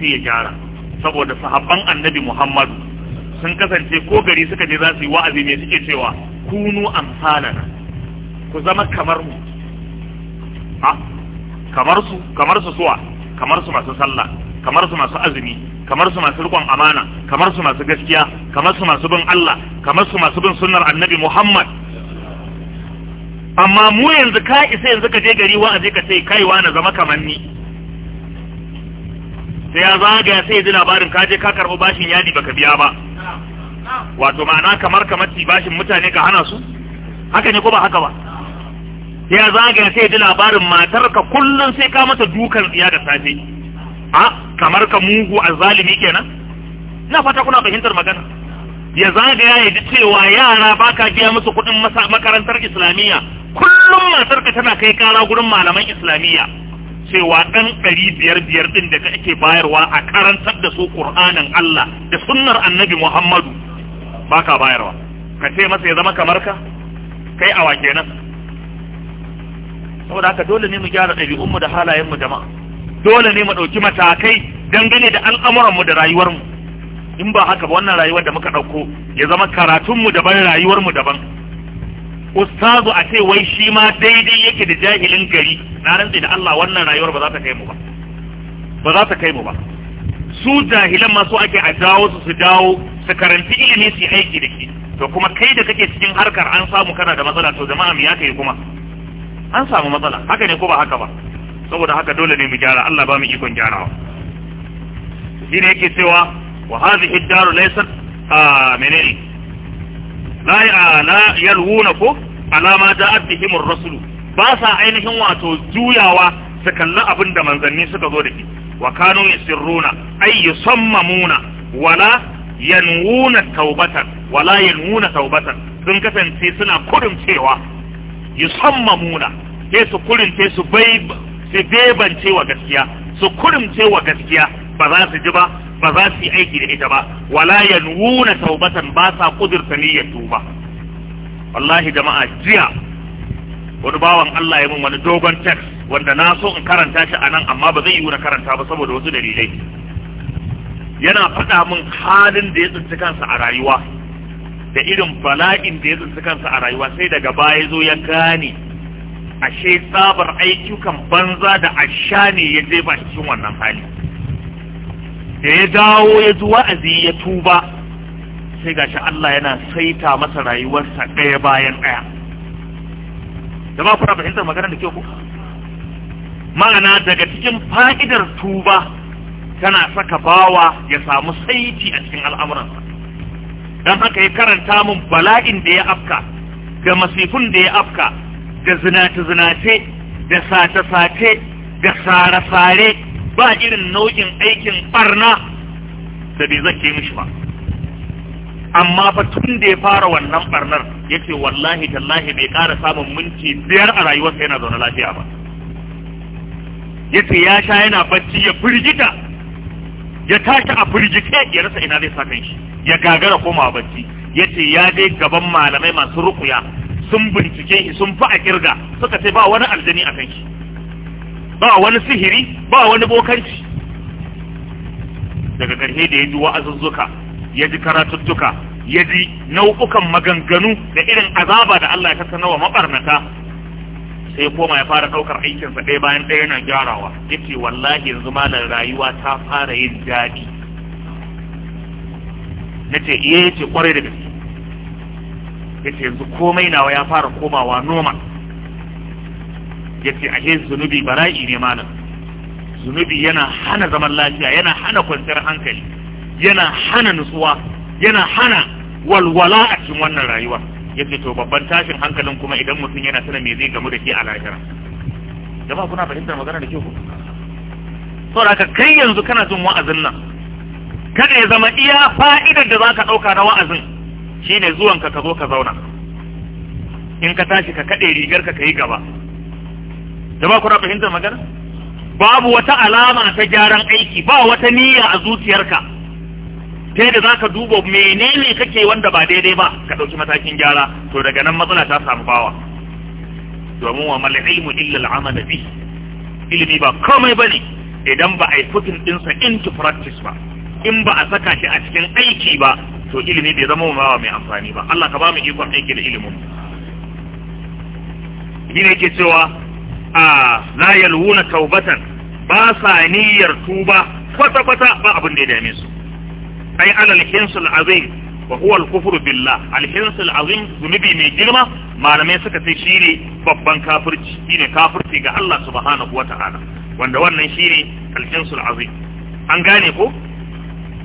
sai ya gyara saboda sahabban annabi Muhammadu sun kasance ko gari suka je za su yi wa'azi mai suke cewa kunu amsalana ku zama kamar mu ah, kamar su kamar su suwa kamar su masu sallah kamar su masu azumi kamar su masu rikon amana kamar su masu gaskiya kamar su masu bin Allah kamar su masu bin sunnar annabi Muhammad amma mu yanzu ka isa yanzu ka je gari wa aje ka ce kai wa na zama kamar ni sai ya zaga sai ji labarin ka je ka karɓi bashin yadi baka biya ba wato ma'ana kamar kamar ci bashin mutane ka hana su haka ne ko ba haka ba sai ya zaga sai ji labarin matar ka kullum sai ka mata dukan tsiya da safe a kamar ka mugu a zalimi kenan na fata kuna fahimtar magana ya zagaya ya ji cewa yara ba ka biya musu kuɗin makarantar islamiyya kullum matar ka tana kai kara gurin malaman islamiyya cewa ɗan ɗari biyar biyar ɗin da ake bayarwa a karantar da su ƙur'anin Allah da sunnar annabi Muhammadu ba ka bayarwa ka ce masa ya zama kamar ka kai awa kenan saboda haka dole ne mu gyara ɗabi'unmu da halayenmu jama'a dole ne mu ɗauki matakai dangane da al'amuranmu da rayuwarmu in ba haka ba wannan rayuwar da muka ɗauko ya zama karatunmu daban rayuwarmu daban ustazu a ce wai shi ma daidai yake da jahilin gari na rantsi da Allah wannan rayuwar ba za ta kai mu ba ba za ta kai mu ba su jahilan masu ake a dawo su su dawo su karanci ilimi su aiki da ke to kuma kai da kake cikin harkar an samu kana da matsala to jama'a mu ya kai kuma an samu matsala haka ne ko ba haka ba saboda haka dole ne mu gyara Allah ba mu ikon gyarawa shi ne yake cewa wa hadhihi daru a menene la la yalwuna ko alama da bihim ar-rasul ba sa ainihin wato juyawa su kalli abin da manzanni suka zo da shi wa kanu yusirruna ay yusammamuna wala yanwuna taubatan wala yanwuna taubatan sun kasance suna kurin cewa yusammamuna sai su kurin sai su bai su bebance wa gaskiya su kurumce wa gaskiya ba za su ji ba ba za su yi aiki da ita ba wala ya nuna taubatan ba sa kudurta niyyar tuba wallahi jama'a jiya wani bawan Allah ya min wani dogon text wanda na so in karanta shi a nan amma ba zai yi na karanta ba saboda wasu dalilai yana faɗa min halin da ya tsinci kansa a rayuwa da irin bala'in da ya tsinci kansa a rayuwa sai daga baya zo ya gane ashe tsabar kan banza da asha ne ya je ba cikin wannan hali da ya dawo ya zuwa a ya tuba sai gashi Allah yana saita masa rayuwarsa ɗaya bayan ɗaya da ba kuna fahimtar magana da ke ku ma'ana daga cikin fa'idar tuba tana saka bawa ya samu saiti a cikin al'amuransa dan haka ya karanta mun bala'in da ya afka ga masifun da ya afka da zinace-zinace da sace-sace da sare-sare ba irin nau'in aikin barna da bai zake mishi ba amma fa tun da ya fara wannan barnar ya ce wallahi tallahi bai kara samun minti biyar a rayuwarsa yana zaune lafiya ba ya ce ya sha yana bacci ya firgita ya tashi a firgite ya rasa ina zai sa shi ya gagara koma bacci ya ce ya je gaban malamai masu rukuya sun bincike shi sun fi a kirga suka ce ba wani aljani a kanki ba wani sihiri ba wani bokanci daga ƙarshe da ya ji wa'azuzzuka ya ji karatuttuka ya ji nau'ukan maganganu da irin azaba da Allah ya tattauna wa mabarnata sai koma ya fara ɗaukar aikinsa ɗaya bayan ɗaya yana gyarawa ya ce wallahi yanzu malar rayuwa ta fara yin daɗi na ce iya eh, ya ce kwarai da gaske yace yanzu komai nawa ya fara komawa noma yace ashe zunubi bara'i ne malam zunubi yana hana zaman lafiya yana hana kwanciyar hankali yana hana nutsuwa yana hana walwala a cikin wannan rayuwa yace to babban tashin hankalin kuma idan mutum yana tana me zai gamu da shi a lahira jama'a kuna fahimtar magana da kyau saboda ka kai yanzu kana jin wa'azin nan kada ya zama iya fa'idar da zaka dauka na wa'azin shine zuwanka ka zo ka zauna in ka tashi ka kaɗe rigar ka yi gaba da ba kuna fahimtar magana babu wata alama ta gyaran aiki ba wata niyya a zuciyarka ta yadda zaka duba menene kake wanda ba daidai ba ka ɗauki matakin gyara to daga nan matsala ta samu bawa domin wa mal ilmu illa al'amal bi ilimi ba komai bane idan ba a yi putin ɗinsa into practice ba in ba a saka shi a cikin aiki ba to ilimi bai zama wa mai amfani ba Allah ka ba mu ikon aiki da ilimin ni ne ke cewa a la yalwuna taubatan ba sa niyyar tuba kwata kwata ba abin da ya dame su ai alal hinsul azim wa huwa al kufru billah al hinsul azim zunubi mai girma malamai suka ce shine babban kafirci shine kafirci ga Allah subhanahu ta'ala wanda wannan shine al hinsul azim an gane ko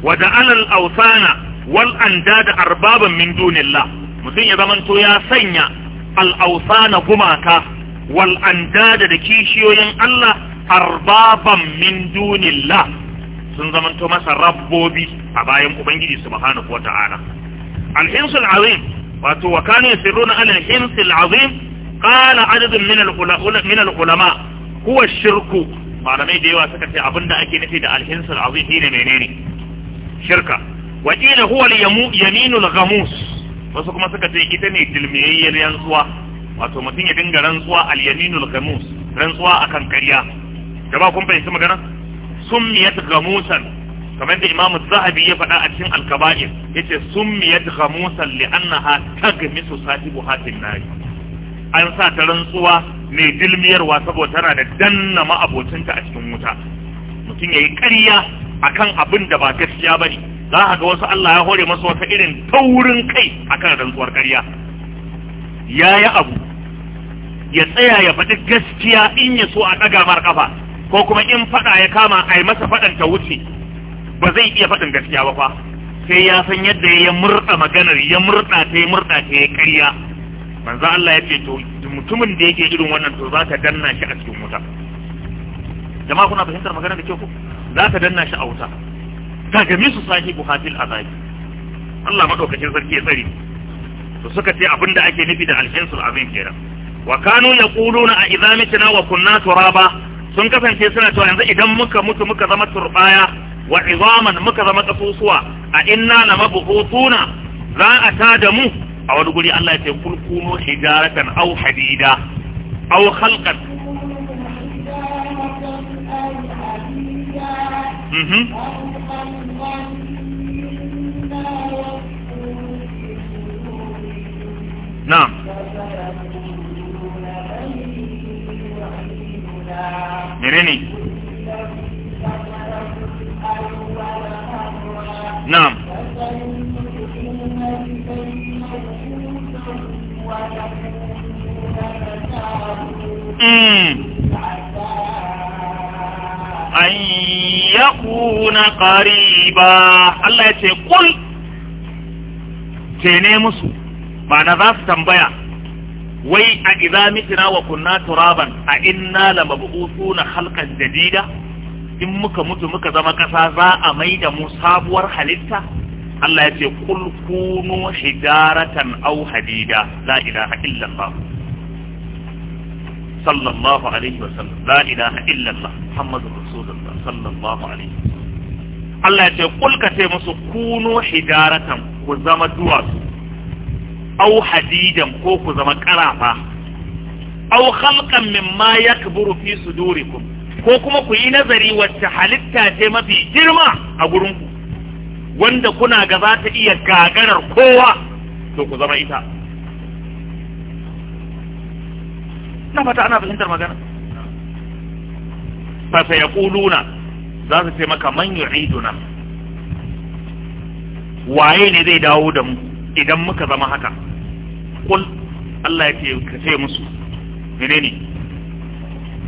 wa alal awsana wal da arbaban min dunillah mutum ya zamanto ya sanya na gumaka wal andada da kishiyoyin Allah arbaban min dunillah sun zamanto masa rabbobi a bayan ubangiji subhanahu wata'ala al-hinsul azim wato wa kanu yasirruna ala na alhinsu azim qala adadin min al'ulama kuwa shirku malamai da yawa suka ce abinda ake nufi da alhinsu hinsul azim shine menene shirka wakila huwa yaminul ghamus wasu kuma suka ce ita ne tilmiyayyar rantsuwa wato mutum ya dinga rantsuwa al yaminul ghamus rantsuwa akan Da ba kun fahimci magana summiyat ghamusan kamar da imamu zahabi ya faɗa a cikin alkaba'ir yace summiyat ghamusan li'annaha tagmisu sahibu hatin nari an sa ta rantsuwa ne dilmiyarwa saboda tana da danna ma'abocinta a cikin wuta mutum ya yi ƙarya akan abin da ba gaskiya bane za a ga wasu Allah ya hore masu wata irin taurin kai a kan rantsuwar ƙarya ya yi abu ya tsaya ya faɗi gaskiya in ya so a ɗaga mar ƙafa ko kuma in faɗa ya kama a yi masa faɗan ta wuce ba zai iya faɗin gaskiya ba fa sai ya san yadda ya murɗa maganar ya murɗa ta ya murɗa ta ya ƙarya manzo Allah ya ce to mutumin da yake irin wannan to za ka danna shi a cikin wuta jama'a kuna fahimtar maganar da ke ku za ka danna shi a wuta daga misu sahibu hafil azabi Allah madaukakin sarki ya tsari to suka ce abinda ake nufi da alhinsul azim kenan wa kanu yaquluna a idza mitna wa kunna turaba sun kasance suna cewa yanzu idan muka mutu muka zama turbaya wa izaman muka zama kasusuwa a inna lamabuhutuna za a da mu a wani guri Allah ya ce kul kunu hijaratan aw hadida aw khalqan mhm نعم menene na'am mm an yakuna qariba Allah ya ce kul tene musu ba na za su tambaya wai a idza mitina wa kunna turaban a inna na halkan jadida in muka mutu muka zama ƙasa za a mai da mu sabuwar halitta Allah ya ce kul kunu hijaratan aw hadida la ilaha illallah صلى الله عليه وسلم لا إله إلا الله محمد رسول الله صلى الله عليه وسلم الله يقول كتير مسو كونوا حجارة وزما دواس أو حديدا كوك وزما كرافة أو خلقا مما يكبر في صدوركم كوكما كي نظري وتحلتا تيما في جرما أقولونكم wanda kuna ga za ta iya gagarar kowa to ku zama ita na fata ana fahimtar magana fa sai yaquluna za su ce maka man yu'iduna waye ne zai dawo da mu idan muka zama haka kul Allah ya ce ka ce musu menene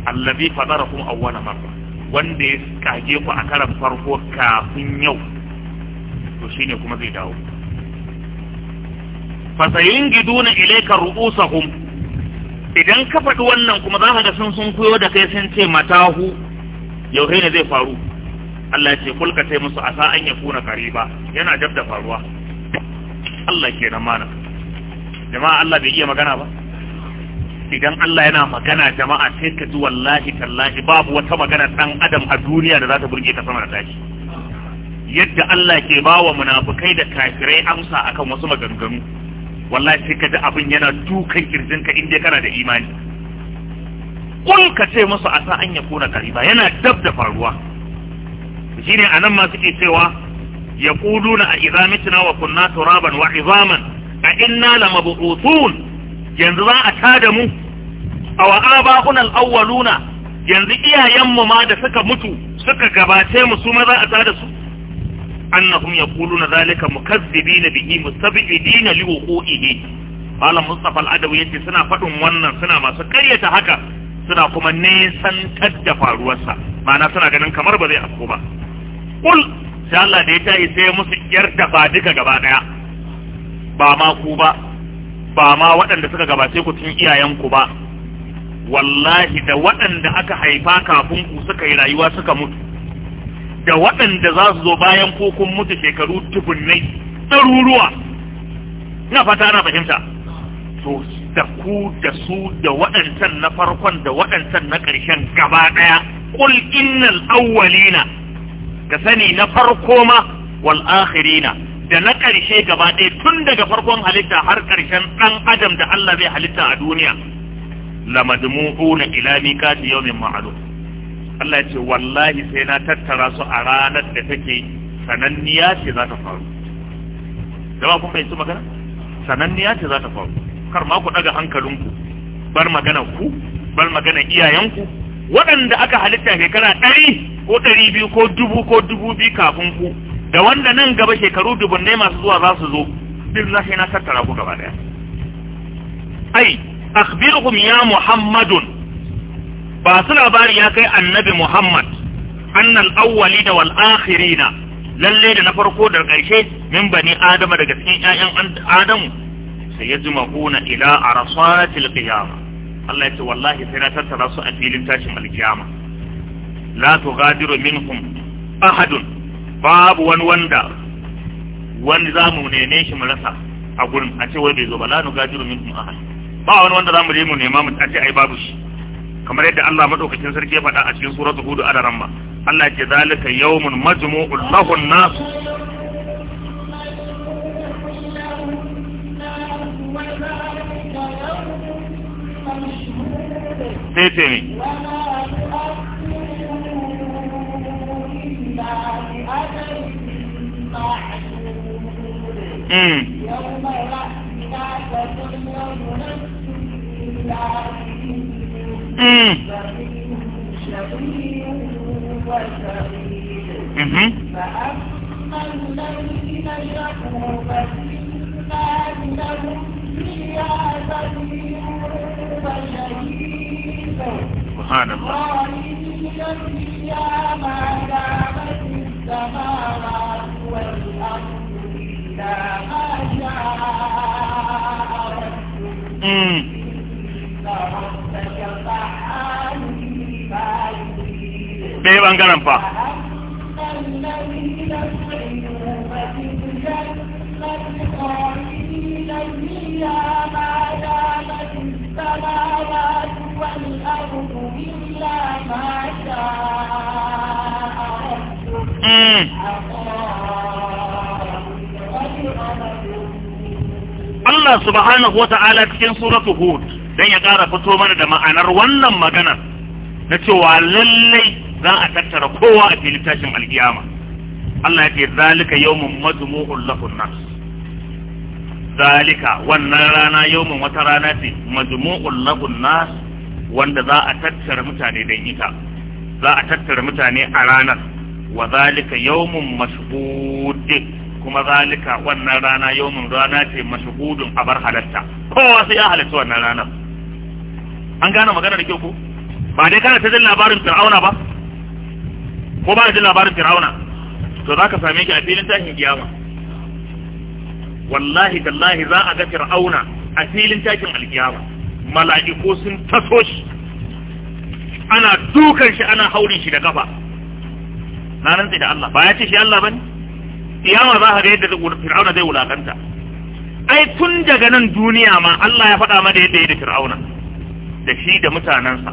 allazi fadarakum awwala marra wanda ya kage ku a karan farko kafin yau to shine kuma zai dawo fasayingiduna ilayka ru'usahum idan ka faɗi wannan kuma za ka ga sun sun koyo da kai sun ce matahu yau ne zai faru Allah ce kulka sai musu asa an ya kuna ba yana jab da faruwa Allah ke nan mana jama'a Allah bai iya magana ba idan Allah yana magana jama'a sai ka ji wallahi tallahi babu wata magana ɗan adam a duniya da za ta burge ka sama da tashi yadda Allah ke bawa munafukai da kafirai amsa akan wasu maganganu wallahi sai ka ji abin yana dukan kirjinka inda kana da imani kul ka ce musu a sa an ya kona kariba yana dab da faruwa a anan ma suke cewa yaquluna a idza mitna wa kunna turaban wa izaman a inna lamabu'utun yanzu za a tada mu A aba'una al-awwaluna yanzu iyayenmu ma da suka mutu suka gabace mu su ma za a tada su annahum yaquluna zalika mukazzibina bihi mustabidina liwuqihi malam mustafa al-adawi yace suna fadin wannan suna masu karyata haka suna kuma nesan da faruwarsa ma'ana suna ganin kamar ba zai afko ba kul sai Allah da ya tayi sai musu yarda ba duka gaba daya ba ma ku ba ba ma waɗanda suka gabace ku tun iyayen ku ba wallahi da waɗanda aka haifa kafin ku suka yi rayuwa suka mutu da waɗanda za su zo bayan ko kun mutu shekaru tubunnai ɗaruruwa na fata na fahimta to da ku da su da waɗancan na farkon da waɗancan na ƙarshen gaba ɗaya ƙul innal awwalina ka sani na farko ma wal akhirina da na ƙarshe gaba ɗaya tun daga farkon halitta har ƙarshen ɗan adam da Allah zai halitta a duniya lamadmu'una ila miqati yawmin ma'lum Allah ce wallahi sai na tattara su a ranar da take sananniya ce za ta faru jama'a kun su magana sananniya ce za ta faru kar ma ku daga hankalinku bar magana ku bar magana iyayenku waɗanda aka halitta shekara ɗari ko ɗari biyu ko dubu ko dubu biyu kafin ku da wanda nan gaba shekaru ne masu zuwa za su zo bin za sai na tattara ku gaba ɗaya ai akhbiruhum ya muhammadun ba su labari ya kai annabi Muhammad annal awwali da wal akhirina lalle da na farko da karshe min bani adama daga cikin ƴaƴan adamu sai ya jima kuna ila arasatil qiyama Allah ya ce wallahi sai na tattara su a filin tashin alkiyama la tughadiru minhum ahadun babu wani wanda wani zamu nene shi mu rasa a gurin a ce wai bai zo ba la nughadiru minhum ahad ba wani wanda zamu je mu nema mu a ce ai babu shi kamar yadda Allah madaukakin sarki ya faɗa a cikin suratul hud a ramma Allah ya ce zalika yawmun majmu'ul lahu an-nas sai ce ne Mm. Mm-hmm. Mm-hmm. Mm. Mm-hmm. ɗaya ɓangaren fa hmm. Allah subhanahu wa ta'ala cikin suratu Hud don ya ƙara fito mana da ma'anar wannan magana na cewa lallai za a tattara kowa a filin tashin alkiyama Allah ya ce zalika yawmun majmu'un lahun nas zalika wannan rana yawmun wata rana ce majmu'un lahun nas wanda za a tattara mutane don ita za a tattara mutane a ranar wa zalika yawmun mashhud kuma zalika wannan rana yawmun rana ce mashhudun abar halatta kowa sai ya halatta wannan ranar an gane magana da kyau ko ba dai kana ta jin labarin fir'auna ba ko ba da labarin fir'auna to za ka same ki a filin tashin kiyama wallahi tallahi za a ga fir'auna a filin tashin alkiyama mala'iku sun taso shi ana dukan shi ana haurin shi da kafa na rantsi da Allah ba ya ce shi Allah bane kiyama za ka ga yadda fir'auna zai wulakanta ai tun daga nan duniya ma Allah ya faɗa mana yadda ya da fir'auna da shi da mutanensa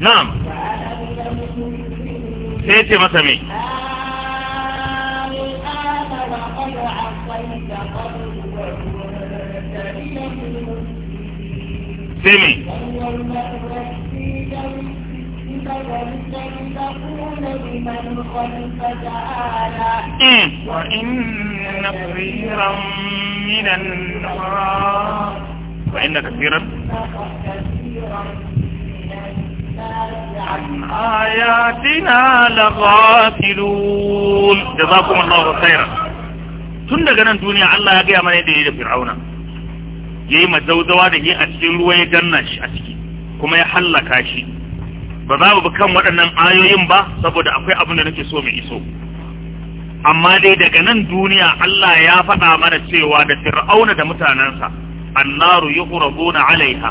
نعم سيتي ما سمي سمي وإن كثيرا من النهار وإن كثيرا عن آياتنا لغافلون جزاكم الله خيرا tun daga nan duniya Allah ya gaya mana yadda ya da Fir'auna yayi mazauzawa da yi a cikin ruwa ya danna shi a ciki kuma ya hallaka shi ba za mu bi kan waɗannan ayoyin ba saboda akwai abin da nake so mu iso amma dai daga nan duniya Allah ya faɗa mana cewa da Fir'auna da mutanensa annaru yuqraduna alaiha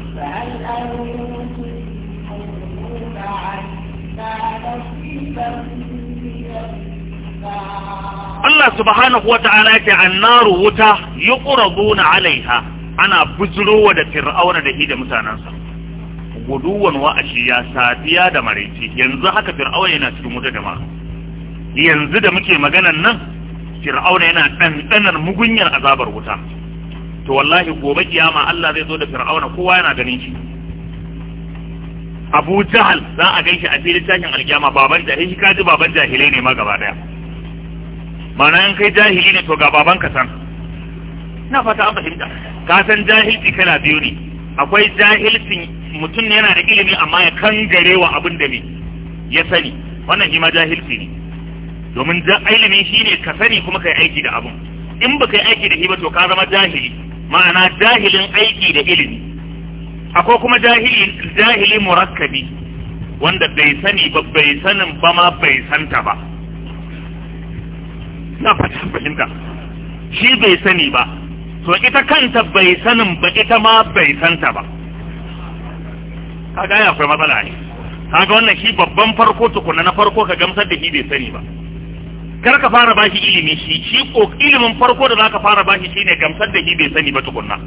Allah subhanahu wa ta'ala yake annaru wuta yuqraduna alaiha ana bujruwa da fir'auna da hida mutanansa guduwan wa ashiya safiya da maraice yanzu haka fir'auna yana cikin wuta ma yanzu da muke maganan nan fir'auna yana ɗanɗanar mugunyar azabar wuta to wallahi gobe kiyama Allah zai zo da fir'auna kowa yana ganin shi Abu Jahl za a ganshi a filin tashin alkiyama baban jahili kaji baban jahilai ne ma gaba daya ma'ana in kai jahili ne to ga baban ka san na fata an fahimta ka san jahilci kana biyu ne akwai jahilci mutum yana da ilimi amma ya kangare wa abin da ne ya sani wannan shi ma jahilci ne domin ilimi shi ne ka sani kuma kai aiki da abin in ba yi aiki da shi ba to ka zama jahili ma'ana jahilin aiki da ilimi akwai kuma jahili jahili murakkabi wanda bai sani ba bai sanin ba ma bai santa ba na fatan fahimta shi bai sani ba so ita kanta bai sanin ba ita ma bai santa ba kaga ya kai matsala ne kaga wannan shi babban farko tukuna na farko ka gamsar da shi bai sani ba kar ka fara bashi ilimi shi shi ko ilimin farko da zaka fara bashi shine gamsar da shi bai sani ba tukunna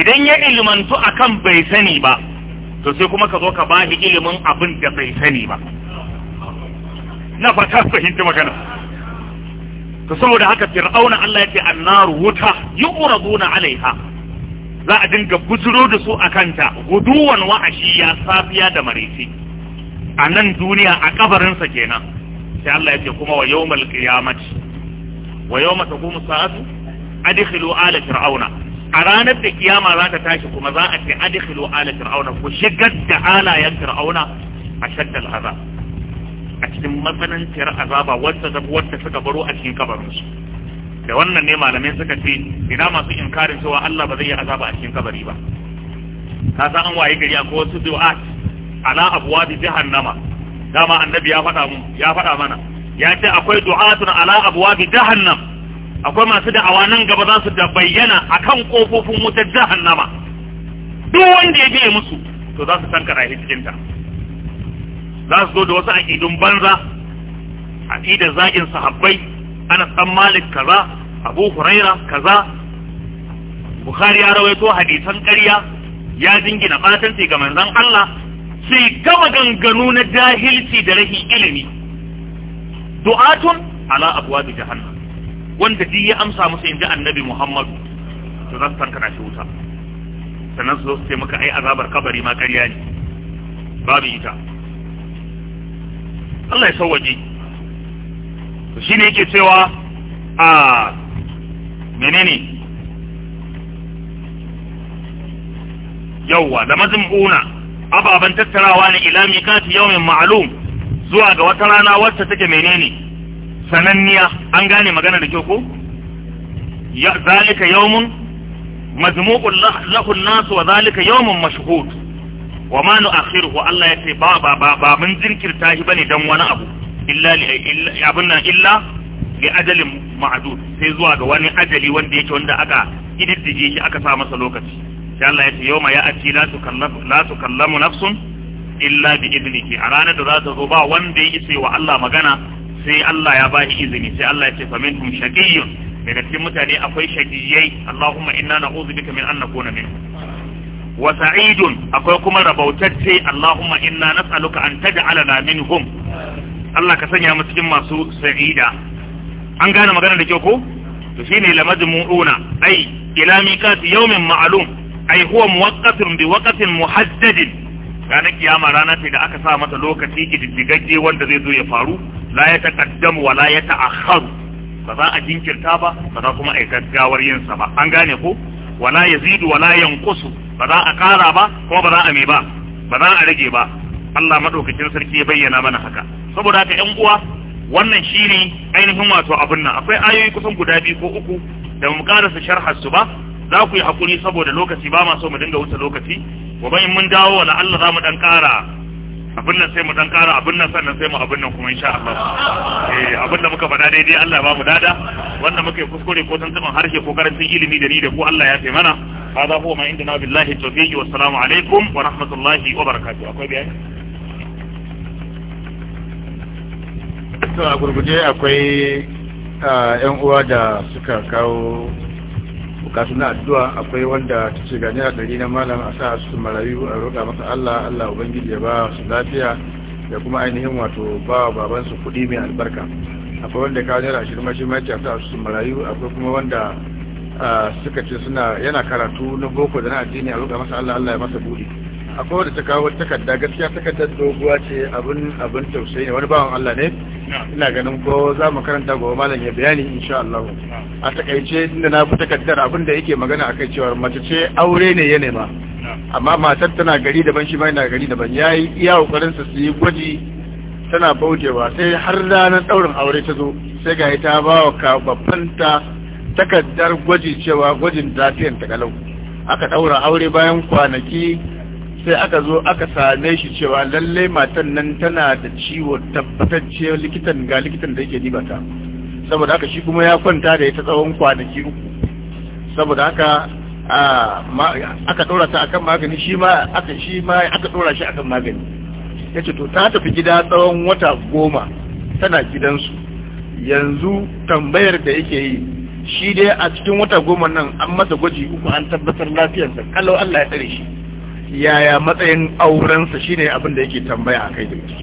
idan ya ilimantu akan bai sani ba to sai kuma ka zo ka shi ilimin abin da bai sani ba na fata fahimta magana to saboda haka fir'auna Allah ya ce annaru wuta yu'raduna alaiha za a dinga bujiro da su a kanta guduwan wa'ashiya safiya da mareci a nan duniya a kabarinsa kenan sai Allah ya ce kuma wa yawmal qiyamati wa yawma taqumu sa'atu adkhilu ala fir'auna a ranar da kiyama za ta tashi kuma za a ce adkhilu ala fir'auna ku shigar da alayan fir'auna a shaddal azab a cikin matsananciyar azaba wadda zafi wadda suka baro a cikin kabarinsu da wannan ne malamai suka ce ina masu inkarin cewa Allah ba zai yi azaba a cikin kabari ba ka san an waye gari akwai wasu du'at ala abwabi jahannama dama annabi ya faɗa mu ya faɗa mana ya ce akwai du'atun ala abwabi jahannam akwai masu da'awa nan gaba za su da bayyana akan kofofin wutar jahannama duk wanda ya biye musu to za su tankara shi cikin ta za su zo da wasu aƙidun banza aƙidar zagin sahabbai ana san malik kaza abu huraira kaza bukhari ya rawaito hadisan ƙarya ya jingina batanci ga manzon Allah sai gama ganganu na jahilci da rahin ilimi du'atun ala abwabi jahannam wanda duk ya amsa musu inji annabi Muhammad to za su tankana shi wuta sannan su zo su ce maka ai azabar kabari ma ƙarya ne babu ita Allah ya sauwaje shi ne yake cewa a menene yawwa da mazim'una ababen tattarawa na ila mikati yawmin ma'lum zuwa ga wata rana wacce take menene sananniya an gane magana da kyau ko zalika yawmun mazmu'un lahu an wa zalika yawmun mashhud wa ma nu akhiruhu Allah ya ce ba ba ba ba mun jinkirta shi bane dan wani abu illa li abin nan illa li ajalin ma'dud sai zuwa ga wani ajali wanda yake wanda aka ididdige shi aka sa masa lokaci sai Allah ya ce yawma ya'ti la tukallamu la tukallamu nafsun illa bi idnihi a ranar da za ta zo ba wanda ya isa wa Allah magana sai Allah ya ba shi izini sai Allah ya ce faminkum shaqiyyun daga cikin mutane akwai shaqiyai Allahumma inna na'udhu bika min an nakuna minhum wa sa'idun akwai kuma rabautacce Allahumma inna nas'aluka an taj'alana minhum Allah ka sanya mu cikin masu sa'ida an gane magana da kyau ko to shine lamajmu'una ai ila miqati yawmin ma'lum ai huwa muwaqqatun bi waqtin muhaddadin kana kiyama rana ce da aka sa mata lokaci kididdigagge wanda zai zo ya faru la ya taqaddamu wa la ya ta'akhkharu ba za a jinkirta ba ba za kuma a gaggawar yinsa ba an gane ko wala yazidu wala yanqusu ba za a ƙara ba ko ba za a me ba ba za a rage ba Allah madaukakin sarki ya bayyana mana haka saboda haka ƴan uwa wannan shine ainihin wato abun nan akwai ayoyi kusan guda biyu ko uku da mu karasa sharhar su ba za ku yi hakuri saboda lokaci ba ma so mu dinga wuce lokaci gobe in mun dawo la Allah za mu dan ƙara abin nan sai mu dan kara abin nan sannan sai mu abin nan kuma insha Allah eh abin da muka faɗa daidai Allah ba mu dada wanda muke yi kuskure ko tantaban harshe ko karancin ilimi da ni da ku Allah ya fi mana hada huwa ma indana billahi wa wassalamu alaikum wa rahmatullahi wa barakatuh akwai bayani to a gurguje akwai ah, yan uwa da suka kawo bukatu na addu'a akwai wanda ta ce gani a ɗari na malam a sa su marayu a roƙa masa Allah Allah ubangiji ya ba su lafiya da kuma ainihin wato ba wa babansu kuɗi mai albarka akwai wanda ka naira ashirin mashi mai a sa su marayu akwai kuma wanda ah, suka ce suna yana karatu na boko da na addini a roƙa masa Allah Allah ya masa buɗe. a kowace ta kawo takarda gaskiya takardar doguwa ce abin abin tausayi ne wani bawan Allah ne ina ganin ko za mu karanta gobe malam ya bayani insha Allah a takaice inda na fi takardar abin da yake magana akai cewa mace ce aure ne ya nema amma matar tana gari daban shi ma gari daban yayi iya kokarin sa su yi gwaji tana bautewa sai har ranar daurin aure ta zo sai ga ta ba wa ta takardar gwaji cewa gwajin lafiyar ta kalau aka ɗaura aure bayan kwanaki sai aka zo aka same shi cewa lalle matan nan tana da ciwo tabbatacce likitan ga likitan da yake dibata saboda haka shi kuma ya kwanta da ita tsawon kwanaki uku saboda haka aka dora ta akan magani shi ma aka shi ma aka dora shi akan magani yace to ta tafi gida tsawon wata goma tana gidansu yanzu tambayar da yake yi shi dai a cikin wata goma nan an masa gwaji uku an tabbatar lafiyarsa kallon Allah ya tsare shi yaya matsayin aurensa shine abin da yake tambaya a kai da